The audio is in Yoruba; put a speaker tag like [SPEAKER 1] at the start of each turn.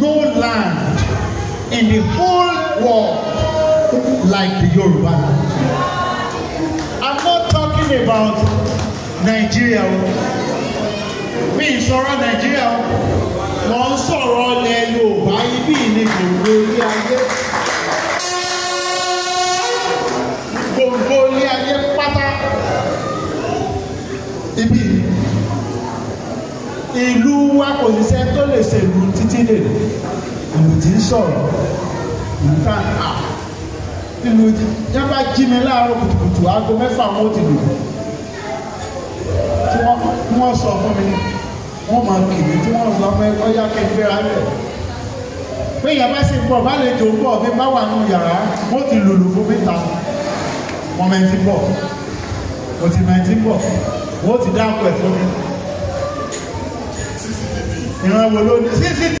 [SPEAKER 1] no land in the whole world like the Yoruba land. I'm not talking about Nigeria o. Mi ìṣọ̀rọ̀ Nigeria o. Mo ń sọ̀rọ̀ ilẹ̀ Yorùbá ibí ni gbòǹgbò ilé ayé.
[SPEAKER 2] Gbòǹgbò ilé ayé pátá.
[SPEAKER 1] Ibi ìlú wa kò ní ṣe ìlú títí lè ìlú tí ń sọ̀rọ̀ ìlú tá a ìlú yẹn bá jí mi láàárọ̀ kùtùkùtù aago mẹ́fà wọn ó ti lù tí wọ́n sọ fún mi wọ́n máa kì mí tí wọ́n sọ fún mi ọ̀yá kí n gbéra lẹ̀ pé ìyá bá ṣe bọ̀ bá lè jò ń bọ̀ mi bá wà nù yàrá wọ́n ti lùlù fún mi ta wọ́n bọ̀ wọ́n bọ̀ wọ́n ti dáàbò ẹ̀ fún mi. ìran wo ló ní sí sí.